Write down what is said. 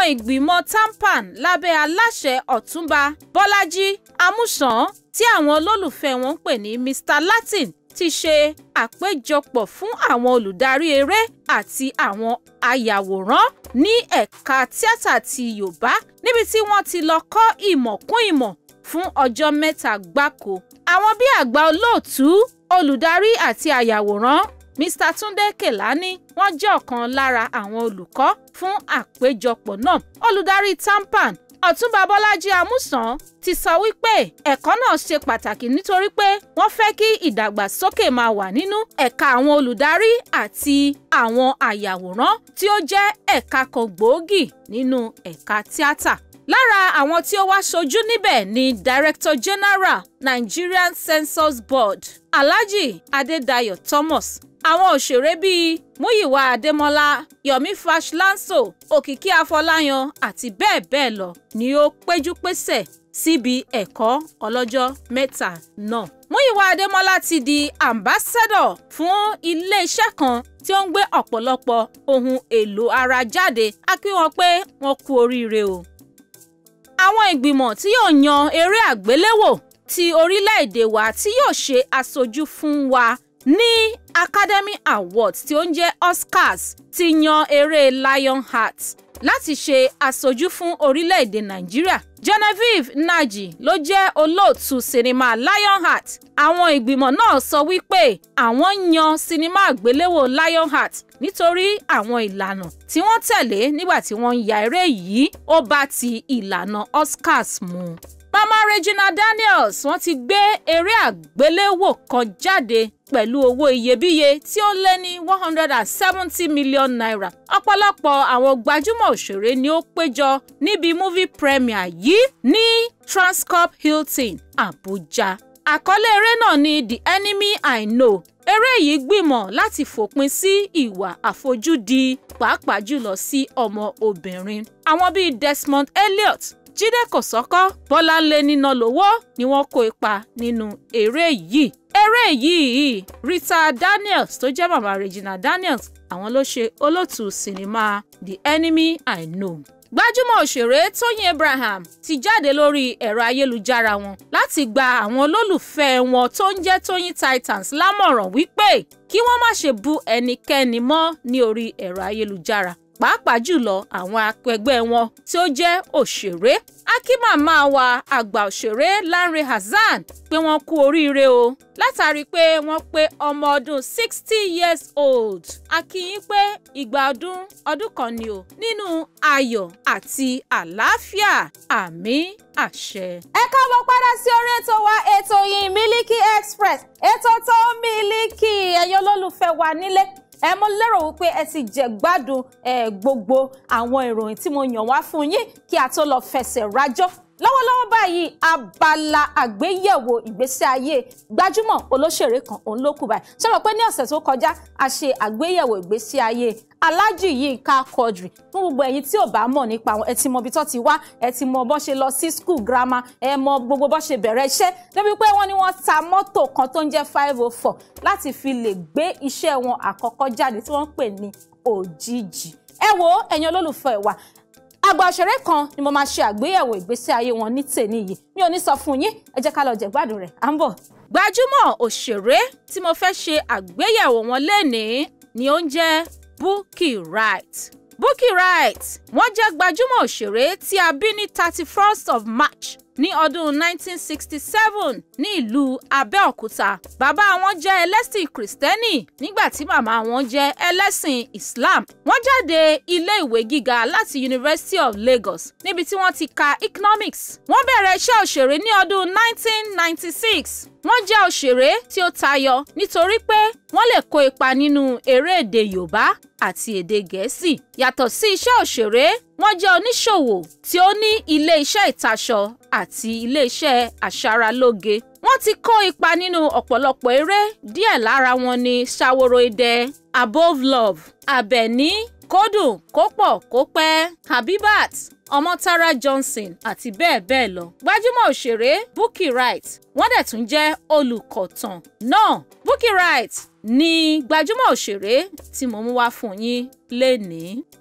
àwọn ìgbìmọ̀ tampan lábẹ́ aláṣẹ ọ̀túnba bọ́lájí amúsàn tí àwọn olólùfẹ́ wọn ń pè ní mr latin ti ṣe àpéjọpọ̀ fún àwọn olùdarí eré àti àwọn ayàwòrán ní ẹ̀ka tíátà ti yorùbá níbi tí wọ́n ti lọ kọ́ ìmọ̀ kún ìmọ̀ fún ọjọ́ mẹ́ta gbáko àwọn bíi àgbà olóòtú olùdarí àti ayàwòrán Mr Túndé Kèlání wọ́n jẹ́ ọ̀kan lára àwọn olùkọ́ fún àpéjọpọ̀ náà olùdarí TAMPAN Ọ̀túnba Bọ́lájí Amúsàn ti sọ wípé ẹ̀kọ́ náà ṣe pàtàkì nítorí pé wọ́n fẹ́ kí ìdàgbàsókè máa wà nínú ẹ̀ka àwọn olùdarí àti àwọn àyàwòrán tí ó jẹ́ ẹ̀ka kan gbòógì nínú ẹ̀ka tíátà. Lára àwọn tí ó wá ṣojú níbẹ̀ ni Director General Nigerian Census Board alhaji adédayọ̀ thomas àwọn òṣèré bíi múyìwá adémọ́lá yomi fashlanso òkìkí afọláyan àti bẹ́ẹ̀ bẹ́ẹ̀ lọ ni ó péjú pésẹ̀ síbi ẹ̀kọ́ ọlọ́jọ́ mẹ́ta náà. múyìwá adémọ́lá ti di ambassador fún iléeṣẹ́ kan tí ó ń gbé ọ̀pọ̀lọpọ̀ ohun èlò ara jáde á kí wọn pé wọn kú oríire o. àwọn ìgbìmọ̀ tí yóò yan eré àgbéléwò ti orílẹ̀-èdè wa tí yóò ṣe aṣojú fún wa ní Academy Awards tí ó ń jẹ́ Oscars ti yan eré Lionheart láti ṣe aṣojú fún orílẹ̀-èdè Nàìjíríà Genevieve Naji ló jẹ́ olóòtú sinimá Lionheart àwọn ìgbìmọ̀ náà sọ wípé àwọn yan sinimá àgbéléwò Lionheart nítorí àwọn ìlànà tí wọ́n tẹ̀lé nígbà tí wọ́n ń ya eré yìí ó bá ti ìlànà Oscars mu. Mama Regina Daniels wọ́n ti gbé eré àgbéléwò kan jáde pẹ̀lú owó iyebíye tí ó lé ní one hundred and seventy million naira. Ọ̀pọ̀lọpọ̀ àwọn gbajúmọ̀ òṣèré ni ó péjọ níbi movie premier yìí ní Transcorp Hilton, Abuja. Àkọlé eré náà ni The Enemy I Know. Eré yìí gbìmọ̀ láti fòpin sí ìwà àfojúdi pàápàá jùlọ sí ọmọ obìnrin. Àwọn bíi Desmond Elliot, Jídé Kòsọ́kọ́ Bọ́láńlé níná lówó ni wọ́n kó ipa nínú eré yìí eré yìí Rita Daniels tó jẹ́ màmá Regina Daniels àwọn ló ṣe olóòtú sinimá The Enemy I Know gbajúmọ̀ òṣèré Tóyìn Abraham ti jáde lórí ẹ̀rọ ayélujára wọn láti gba àwọn olólùfẹ́ wọn tó ń jẹ́ Tóyìn Titans lámọ̀ràn wípé kí wọ́n má ṣe bú ẹnikẹ́ni mọ́ ní orí ẹ̀rọ ayélujára pàápàá jùlọ àwọn akẹgbẹ́ wọn tí ó jẹ́ òṣèré akínmàmá wa àgbà òṣèré Lanre Hassan pé wọ́n kú oríire o látàrí pé wọ́n pé ọmọ ọdún sixty years old akínyín pé ìgbà ọdún ọdún kan ni o nínú ayọ̀ àti àlàáfíà àmín àṣẹ. ẹ káàbọ̀ padà sí orí ètò wa ètò yìí Miliki Express ètò tó Miliki ẹ̀yọ́ olólùfẹ́ wa nílé ẹ mo lérò wípé ẹ ti jẹ gbádùn gbogbo àwọn ìròyìn tí mo yàn wá fún yín kí a tó lọ fẹsẹ̀ rájọ́ lọ́wọ́lọ́wọ́ báyìí abala àgbéyẹ̀wò ìgbésí ayé gbajúmọ̀ olóṣèré kan òun ló kù báyìí ṣé mo pé ní ọ̀sẹ̀ tó kọjá a ṣe àgbéyẹ̀wò ìgbésí ayé Alhaji Yinka Quadri fún gbogbo ẹ̀yin tí ò bá mọ̀ nípa wọn ẹ ti ibi tó ti wá ẹ ti mọ ṣe lọ sí school grammar ẹ mọ gbogbo bó ṣe bẹ̀rẹ̀ iṣẹ́ débi pé wọ́n ní wọ́n ta mọ́tò kan tó ń jẹ́ five oh four láti fi lè gbé iṣẹ́ wọn àkọ́kọ́ jáde tí wọ́n ń pè ní òjijì ẹ wo ẹ̀yin olólùfẹ́ wa àgbà òṣèré kan ni mo máa ṣe àgbéyẹ̀wò ìgbésí ayé wọn ní tèmi yìí mi ò ní sọ fún yín ẹ jẹ́ ká lọ jẹ̀gbádùn rẹ̀ à ń bọ̀. gbajúmọ̀ òṣèré tí mo fẹ́ ṣe àgbéyẹ̀wò wọn lénìí ni ó ń jẹ́ Bukky Wright Bukky Wright wọ́n jẹ́ gbajúmọ̀ òṣèré tí a bí ní thirty first of March ní ọdún 1967 ní ìlú Abẹ́òkúta bàbá wọn jẹ́ ẹlẹ́sìn Kristẹni nígbà tí màmá wọn jẹ́ ẹlẹ́sìn Islam wọ́n jáde ilé ìwé gíga láti University of Lagos níbi tí wọ́n ti ka economics wọ́n bẹ̀rẹ̀ iṣẹ́ òṣèré ní ọdún 1996 wọ́n jẹ́ òṣèré tí ó tayọ nítorí pé wọ́n lè kó ipa nínú eré èdè Yorùbá àti èdè Gẹ̀ẹ́sì yàtọ̀ sí iṣẹ́ òṣèré wọ́n jẹ́ oníṣòwò tí ó ní ilé-iṣẹ́ ìtaṣọ àti ilé-iṣẹ́ aṣaralóge. wọ́n ti kó ipa nínú ọ̀pọ̀lọpọ̀ eré díẹ̀ lára wọn ni Ṣaworoide Above Love Abẹ́ní Kódùn Kópọ̀ Kópẹ́ Habibat Ọmọtara Johnson àti bẹ́ẹ̀ bẹ́ẹ̀ lọ. gbajúmọ̀ òṣèré Bukky Wright wọ́n dẹ̀ tún jẹ́ olùkọ̀tàn náà Bukky Wright ni gbajúmọ̀ òṣèré tí mo mú wá fún yín lénìí.